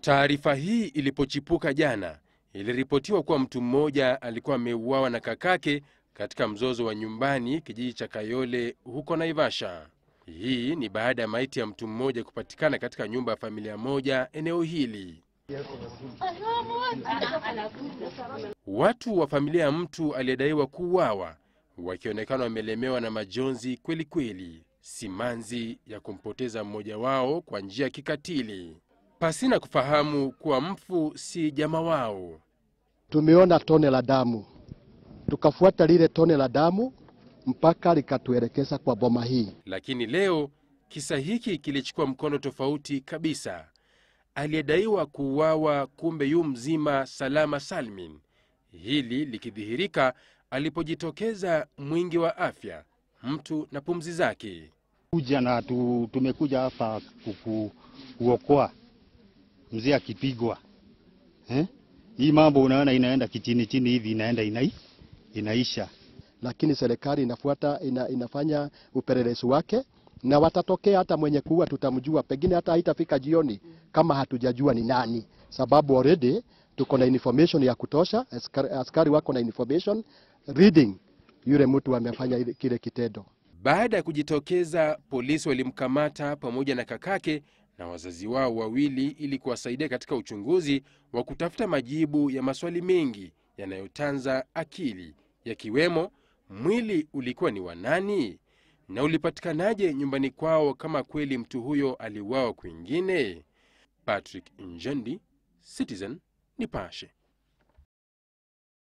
Taarifa hii ilipochipuka jana, iliripotiwa kuwa mtu mmoja alikuwa ameuawa na kakake katika mzozo wa nyumbani kijiji cha Kayole huko Naivasha. Hii ni baada ya maiti ya mtu mmoja kupatikana katika nyumba ya familia moja eneo hili. Watu wa familia ya mtu aliyedaiwa kuuawa wakionekana wamelemewa na majonzi kweli kweli simanzi ya kumpoteza mmoja wao kwa njia ya kikatili pasina kufahamu kuwa mfu si jamaa wao. Tumeona tone la damu, tukafuata lile tone la damu mpaka likatuelekeza kwa boma hii. Lakini leo kisa hiki kilichukua mkono tofauti kabisa. Aliyedaiwa kuuawa kumbe yu mzima salama salmin, hili likidhihirika alipojitokeza mwingi wa afya mtu na pumzi zake. Kuja na tu, tumekuja hapa kuokoa mzee akipigwa eh? Hii mambo unaona inaenda kichini chini hivi inaenda inai, inaisha, lakini serikali inafuata ina, inafanya upelelezi wake na watatokea, hata mwenye kuua tutamjua, pengine hata haitafika jioni kama hatujajua ni nani, sababu already tuko na information ya kutosha, askari wako na information reading yule mtu amefanya kile kitendo. Baada ya kujitokeza, polisi walimkamata pamoja na kakake na wazazi wao wawili ili kuwasaidia katika uchunguzi wa kutafuta majibu ya maswali mengi yanayotanza akili yakiwemo mwili ulikuwa ni wa nani na ulipatikanaje nyumbani kwao kama kweli mtu huyo aliuawa kwingine. Patrick Njendi, Citizen Nipashe.